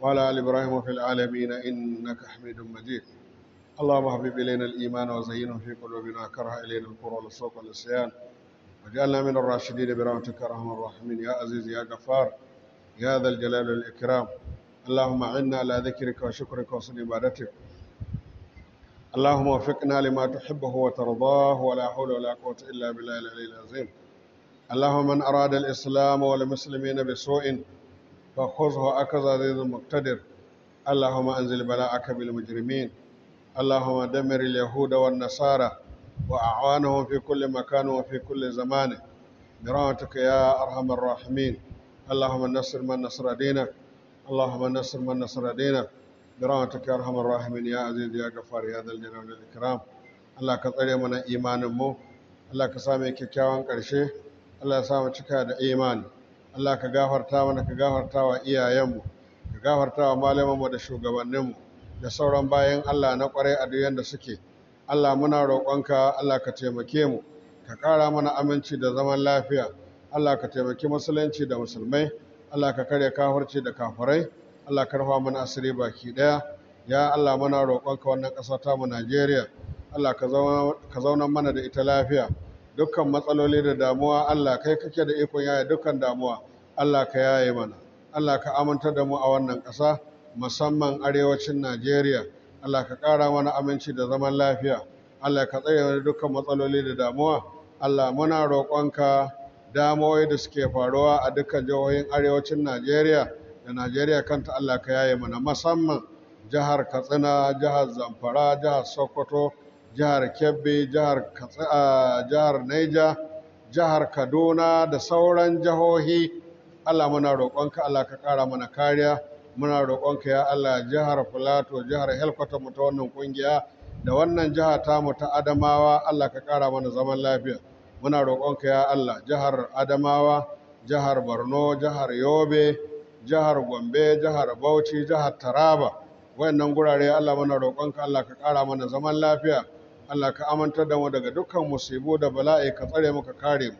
وعلى آل إبراهيم في العالمين إنك حميد مجيد اللهم حبب إلينا الإيمان وزينه في قلوبنا كره إلينا الكفر والفسوق والعصيان وجعلنا من الراشدين برحمتك يا أرحم الراحمين يا عزيز يا غفار يا ذا الجلال والإكرام اللهم عنا على ذكرك وشكرك وحسن عبادتك اللهم وفقنا لما تحبه وترضاه ولا حول ولا قوة إلا بالله العلي العظيم اللهم من أراد الإسلام والمسلمين بسوء فخذه أكذا ذي المقتدر اللهم أنزل بلاءك بالمجرمين اللهم دمر اليهود والنصارى وأعوانهم في كل مكان وفي كل زمان برحمتك يا أرحم الراحمين اللهم نصر من نصر دينك اللهم نصر من نصر دينك برحمتك يا ya الراحمين يا عزيز يا غفار يا ذا الجلال والاكرام Allah ka tsare mana imanin mu Allah ka sa kyakkyawan ƙarshe Allah ya samu cika da imani Allah ka gafarta mana ka gafarta wa iyayenmu ka gafarta wa malamanmu da shugabanninmu da sauran bayan Allah na kwarai a duk da suke Allah muna roƙonka Allah ka taimake mu ka ƙara mana aminci da zaman lafiya Allah ka taimaki musulunci da musulmai Allah ka karya kafarci da kafurai. Allah karfa mana asiri baki daya ya Allah muna roƙonka wannan ƙasa ta mu Najeriya Allah ka zauna mana da ita lafiya dukkan matsaloli da damuwa Allah kai kake da ikon yaya dukkan damuwa Allah ka yaye mana Allah ka aminta da mu a wannan ƙasa musamman arewacin Najeriya Allah ka ƙara mana aminci da zaman lafiya Allah ka tsaya mana dukkan matsaloli da damuwa Allah muna roƙonka damuwoyi da suke faruwa a dukkan jihohin arewacin Najeriya da Najeriya kanta Allah ka yaye mana musamman jihar Katsina, jihar Zamfara, jihar Sokoto, jihar Kebbi, jihar jihar Niger, jihar Kaduna da sauran jihohi. Allah muna roƙonka Allah ka ƙara mana kariya. Muna roƙonka ya Allah jihar Filato, jihar Helkwata mu ta wannan ƙungiya da wannan jiha mu ta Adamawa Allah ka ƙara mana zaman lafiya. Muna roƙonka ya Allah jihar Adamawa, jihar Borno, jihar Yobe, jihar Gombe, jihar Bauchi, jihar Taraba. Wayannan gurare Allah muna roƙonka Allah ka ƙara mana zaman lafiya. Allah ka amintar da mu daga dukkan musibu da bala'i ka tsare mu ka kare mu.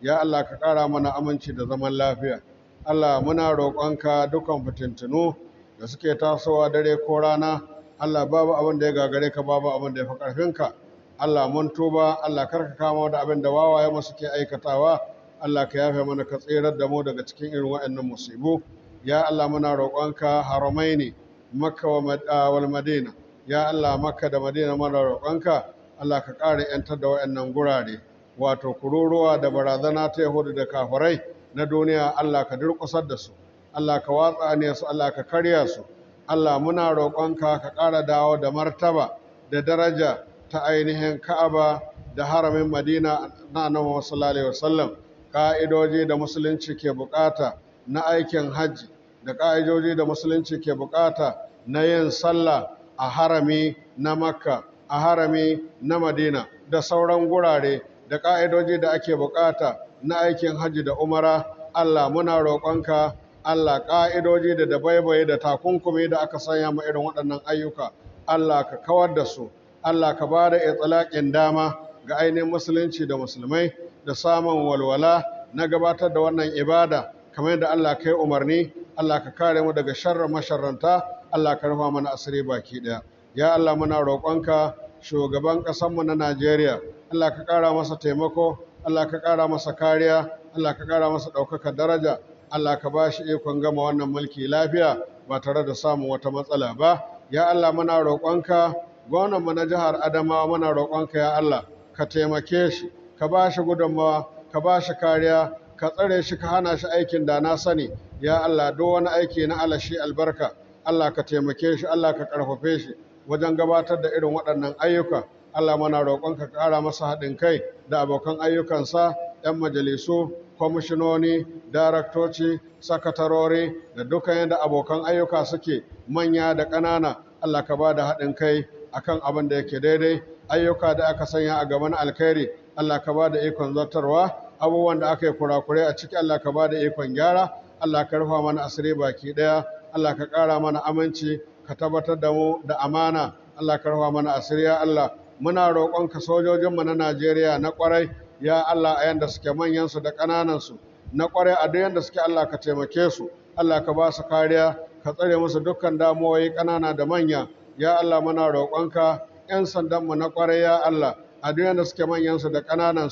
Ya Allah ka ƙara mana aminci da zaman lafiya. Allah muna roƙonka dukkan fitintunu da suke tasowa dare ko rana. Allah babu abin da ya gagare ka babu abin da ya fi ƙarfinka. Allah mun tuba Allah karka kama da abin da wawaye mu suke aikatawa. Allah ka yafe mana ka tserar da mu daga cikin irin wa'annan musibu. ya Allah muna roƙonka Haramai ne makka ah, wal madina ya Allah makka da madina muna roƙonka Allah ka ƙara yantar da waɗannan gurare wato kururuwa da barazana ta hudu da kafirai na duniya Allah ka durƙusar da su Allah ka watsa ne su Allah ka karya su Allah muna roƙonka ka ƙara dawo da martaba da daraja ta ainihin Ka'aba da haramin Madina na Annabi sallallahu alaihi wasallam ka'idoji da musulunci ke bukata na aikin hajji da ƙa'idoji da musulunci ke bukata na yin sallah a harami na makka a harami na madina da sauran gurare da ƙa'idoji da ake bukata na aikin hajji da umara allah muna roƙonka allah ƙa'idoji da dabaibaye da takunkumi da aka sanya ma irin waɗannan ayyuka allah ka kawar da su allah ka ba da itsalaƙin dama ga ainihin musulunci da musulmai da samun walwala na gabatar da wannan ibada kamar yadda Allah ka yi umarni Allah ka kare mu daga sharrar masharranta Allah ka rufa mana asiri baki ɗaya ya Allah muna roƙonka shugaban mu na Najeriya Allah ka ƙara masa taimako Allah ka ƙara masa kariya Allah ka ƙara masa ɗaukaka daraja Allah ka ba shi ikon gama wannan mulki lafiya ba tare da samun wata matsala ba ya Allah muna roƙonka mu na jihar Adamawa muna roƙonka ya Allah ka taimake shi ka ba shi gudunmawa ka ba shi kariya ka tsare shi ka hana shi aikin da na sani ya Allah duk wani aiki na alashi albarka Allah ka taimake shi Allah ka karfafe shi wajen gabatar da irin waɗannan ayyuka Allah mana ka ƙara masa haɗin kai da abokan ayyukansa 'yan majalisu kwamishinoni daraktoci sakatarori da dukkan yadda abokan ayyuka suke manya da ƙanana Allah ka ba da haɗin kai akan abin da yake daidai ayyuka da aka sanya a gaban alkhairi Allah ka ba da ikon zartarwa abubuwan da aka yi kurakure a ciki Allah ka ba da ikon gyara Allah ka rufa mana asiri baki daya Allah ka ƙara mana aminci ka tabbatar da mu da amana Allah ka rufa mana asiri ya Allah muna roƙonka sojojinmu na Najeriya na ƙwarai ya Allah a yanda suke manyansu da ƙananansu na ƙwarai a duk yanda suke Allah ka taimake su Allah ka ba su kariya ka tsare musu dukkan damuwoyi ƙanana da manya ya Allah muna roƙonka 'yan sandanmu na ƙwarai ya Allah a da suke manyansu da ƙananan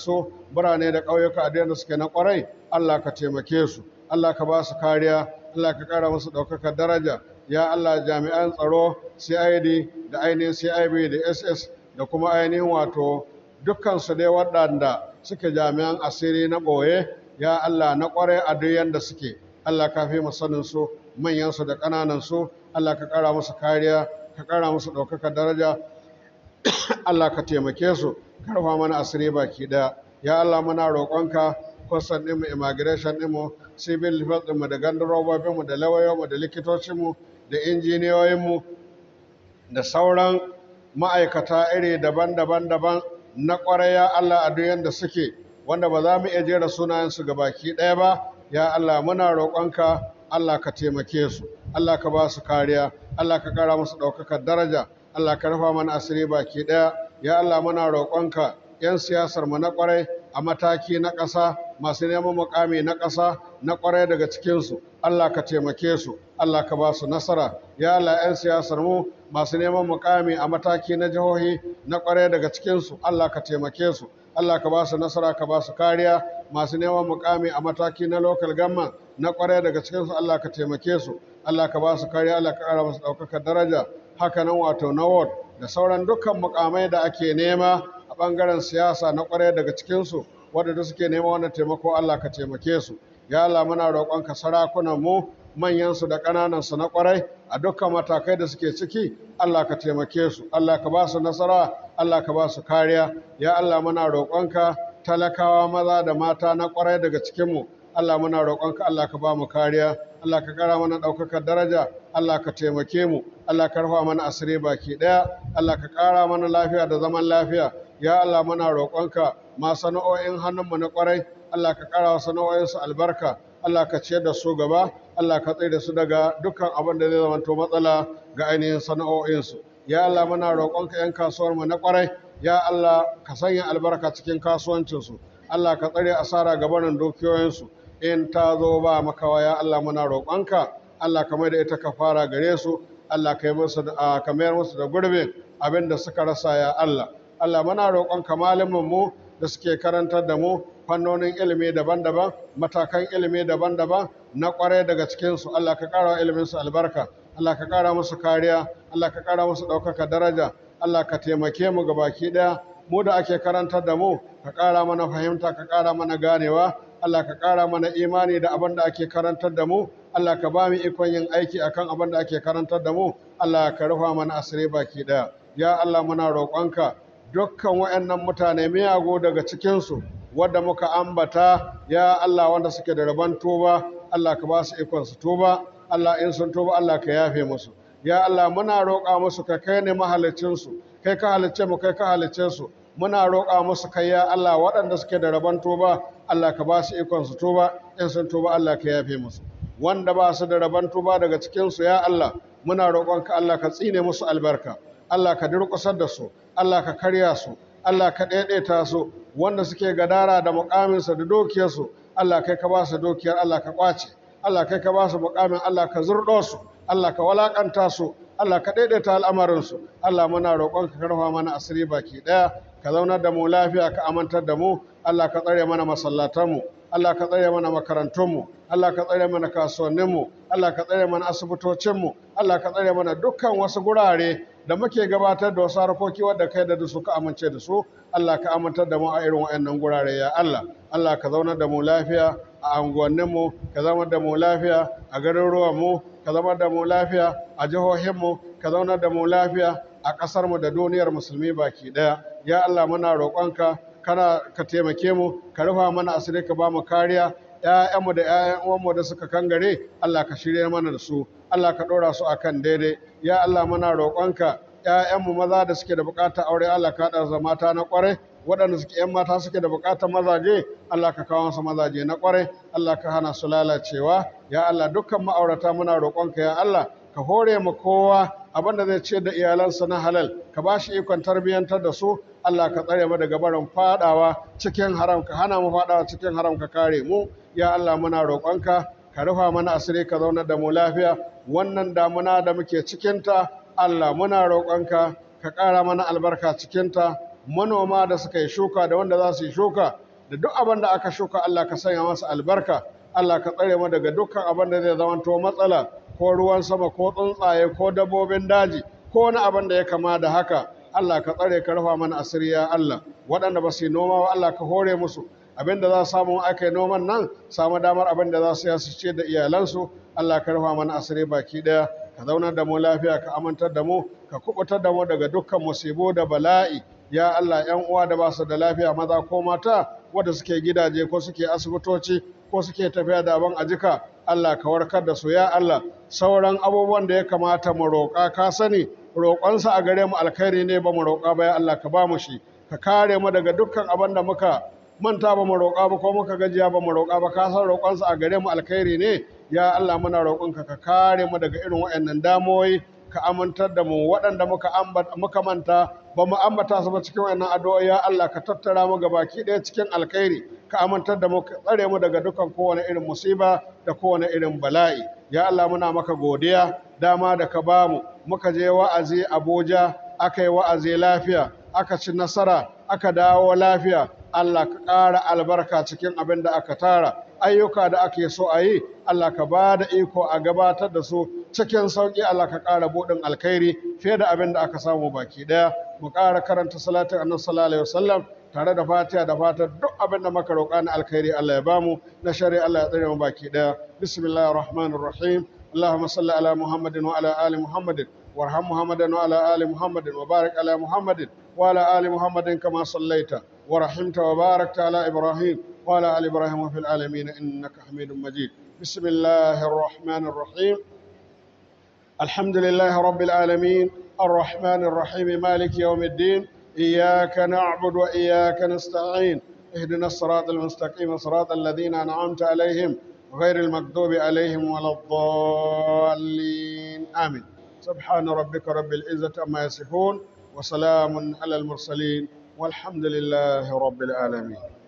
birane da ƙauyuka a da suke na ƙwarai Allah ka taimake su Allah ka ba su kariya Allah ka ƙara musu ɗaukakar daraja ya Allah jami'an tsaro CID da ainihin CIB da SS da kuma ainihin wato dukkan su dai waɗanda suke jami'an asiri na ɓoye ya Allah na ƙwarai a da suke Allah ka fi mu sanin su manyan da ƙananan su Allah ka ƙara musu kariya ka ƙara musu ɗaukakar daraja Allah ka taimake su karfa mana asiri baki daya ya Allah muna roƙonka kwastan ɗinmu immigration ɗinmu civil defense ɗinmu da robobinmu da lawayoyinmu da likitocinmu da injiniyoyinmu da sauran ma'aikata iri daban-daban daban na ƙwarai ya Allah a duk da suke wanda ba za mu iya jera sunayensu ga baki ɗaya ba ya Allah muna roƙonka Allah ka taimake su Allah ka ba su kariya Allah ka ƙara musu ɗaukakar daraja Allah ka rufa mana asiri baki ɗaya ya Allah muna roƙonka 'yan siyasar mu na ƙwarai a mataki na ƙasa masu neman mukami na ƙasa na ƙwarai daga cikinsu Allah ka taimake su Allah ka ba su nasara ya Allah 'yan siyasar mu masu neman mukami a mataki na jihohi na ƙwarai daga cikinsu Allah ka taimake su Allah ka ba su nasara ka ba su kariya masu neman mukami a mataki na local government na ƙwarai daga cikinsu Allah ka taimake su Allah ka ba su kariya Allah ka ƙara musu ɗaukaka daraja hakanan wato na ward da sauran dukkan mukamai da ake nema a ɓangaren siyasa na ƙwarai daga cikinsu waɗanda suke nema wannan taimako Allah ka taimake su ya Allah muna roƙonka sarakunan mu manyansu da ƙananansu na ƙwarai a dukkan matakai da suke ciki Allah ka taimake su Allah ka ba su nasara Allah ka ba su kariya ya Allah muna roƙonka talakawa maza da mata na ƙwarai daga cikinmu Allah muna roƙonka Allah ka ba mu kariya Allah ka kara mana ɗaukakar daraja Allah ka taimake mu Allah ka rufa mana asire baki ɗaya Allah ka kara mana lafiya da zaman lafiya ya Allah muna roƙonka ma sana'o'in hannunmu na ƙwarai Allah ka kara wa sana'o'insu albarka Allah ka ciyar da su gaba Allah ka tsaye da su daga dukkan abin da zai zamanto matsala ga ainihin sana'o'insu ya Allah muna roƙonka 'yan kasuwarmu na ƙwarai ya Allah ka sanya albarka cikin kasuwancinsu Allah ka tsare asara gabanin dukiyoyinsu in ta zo ba makawa ya Allah muna roƙonka Allah kamar da ita ka fara gare su Allah ka musu mayar musu da gurbi, abinda suka rasa ya Allah Allah muna roƙonka malamin mu da suke karantar da mu fannonin ilimi daban-daban matakan ilimi daban-daban na ƙwarai daga cikinsu Allah ka ƙara ilimin su albarka Allah ka ƙara musu kariya Allah ka ƙara musu ɗaukaka daraja Allah ka taimake mu gabaki baki ɗaya mu da ake karantar da mu ka ƙara mana fahimta ka ƙara mana ganewa Allah ka ƙara mana imani da abin da ake karantar da mu Allah ka ba mu ikon yin aiki akan abin da ake karantar da mu Allah ka rufa mana asire baki ɗaya ya Allah muna roƙonka dukkan waɗannan mutane miyago daga cikinsu wadda muka ambata ya Allah wanda suke da rabon tuba Allah ka ba su ikon su tuba Allah in sun tuba Allah ka yafe musu ya Allah muna roƙa musu ka kai ne mahalicinsu kai ka halicce mu kai ka halicce su muna roƙa musu kai ya Allah waɗanda suke da rabon toba Allah ka ba su ikon su toba in sun toba Allah ka yafe musu wanda ba su da rabon toba daga cikin su ya Allah muna roƙon ka Allah ka tsine musu albarka Allah ka durƙusar da su Allah ka karya su Allah ka ɗaiɗaita su wanda suke gadara da sa da su Allah kai ka ba su dokiyar Allah ka ƙwace Allah kai ka ba su muƙamin Allah ka zurɗo su Allah ka walakanta su Allah ka daidaita al'amarinsu Allah muna roƙon ka karfa mana asiri baki ɗaya ka zaunar da mu lafiya ka amantar da mu Allah ka tsare mana masallatanmu Allah ka tsare mana makarantunmu Allah ka tsare mana kasuwanninmu Allah ka tsare mana asibitocinmu Allah ka tsare mana dukkan wasu gurare da muke gabatar da wasu harkoki wadda kai da su ka amince da su Allah ka amintar da mu a irin waɗannan gurare ya Allah Allah ka zaunar da mu lafiya a anguwanninmu ka zama da mu lafiya a garin ruwanmu. ka zama da mu lafiya a jihohinmu ka zauna da mu lafiya a ƙasarmu da duniyar musulmi baki ɗaya ya Allah muna roƙonka kana ka taimake mu ka rufa mana asiri ka ba mu kariya ƴaƴanmu da ƴaƴan uwanmu da suka kangare Allah ka shirya mana da su Allah ka ɗora su a kan daidai ya Allah muna roƙonka ƴaƴanmu maza da suke da buƙatar aure Allah ka haɗa mata na ƙwarai waɗanda suke ‘yan mata suke da buƙatar mazaje, Allah ka kawo masa mazaje na ƙwarai, Allah ka hana su lalacewa, ya Allah dukkan ma'aurata muna roƙonka ya Allah ka hore mu kowa abin da zai ce da iyalansa na halal ka ba shi ikon tarbiyyantar da su Allah ka tsare mu daga barin fadawa cikin haram ka hana mu fadawa cikin haram ka kare mu ya Allah muna roƙonka ka rufa mana asiri ka zauna da mu lafiya wannan damuna da muke cikinta Allah muna roƙonka ka ƙara mana albarka cikinta manoma da suka yi shuka da wanda za su yi shuka da duk abin da aka shuka Allah ka sanya masa albarka Allah ka tsare mu daga dukkan abin da zai zamanto matsala ko ruwan sama ko tsuntsaye ko dabbobin daji ko wani abin da ya kama da haka Allah ka tsare ka rufa mana asiri ya Allah waɗanda ba su yi noma ba Allah ka hore musu abin da za su samu aka yi noman nan samu damar abin da za su yi su ce da iyalansu Allah ka rufa mana asiri baki ɗaya ka zauna da mu lafiya ka amintar da mu ka kubutar da mu daga dukkan musibo da bala'i ya Allah 'yan uwa da ba su da lafiya maza ko mata wanda suke gidaje ko suke asibitoci ko suke tafiya da a jika Allah ka warkar da su ya Allah sauran abubuwan da ya kamata mu roƙa ka sani roƙonsa a gare mu alkhairi ne ba mu roƙa ba ya Allah ka ba mu shi ka kare mu daga dukkan abin da muka manta ba mu roƙa ba ko muka gajiya ba mu roƙa ba ka san roƙonsa a gare mu alkhairi ne ya Allah muna roƙonka ka kare mu daga irin waɗannan damoyi ka amintar da mu waɗanda muka manta ba mu ambata su ba cikin wannan addu'a ya Allah ka tattara mu gabaki ɗaya cikin alkhairi ka amintar da mu ka tsare mu daga dukan kowane irin musiba da kowane irin bala'i ya Allah muna maka godiya dama da ka bamu muka je wa'azi Abuja aka yi wa'azi lafiya aka ci nasara aka dawo lafiya Allah ka ƙara albarka cikin abin da aka tara ayyuka da ake so a yi Allah ka ba da iko a gabatar da su cikin sauƙi Allah ka ƙara buɗin alkhairi fiye da abin da aka samu baki ɗaya mu ƙara karanta salatin annabi sallallahu alaihi wasallam tare da fatiha da fatan duk abin da muka roƙa na alkhairi Allah ya bamu na shari Allah ya tsare mu baki ɗaya bismillahir rahmanir rahim اللهم صل على محمد وعلى آل محمد وارحم محمدا وعلى آل محمد وبارك على محمد وعلى آل محمد كما صليت ورحمت وباركت على إبراهيم وعلى آل إبراهيم وفي العالمين إنك حميد مجيد بسم الله الرحمن الرحيم الحمد لله رب العالمين الرحمن الرحيم مالك يوم الدين إياك نعبد وإياك نستعين اهدنا الصراط المستقيم صراط الذين أنعمت عليهم غير المكذوب عليهم ولا الضالين آمين سبحان ربك رب العزة عما يصفون وسلام على المرسلين والحمد لله رب العالمين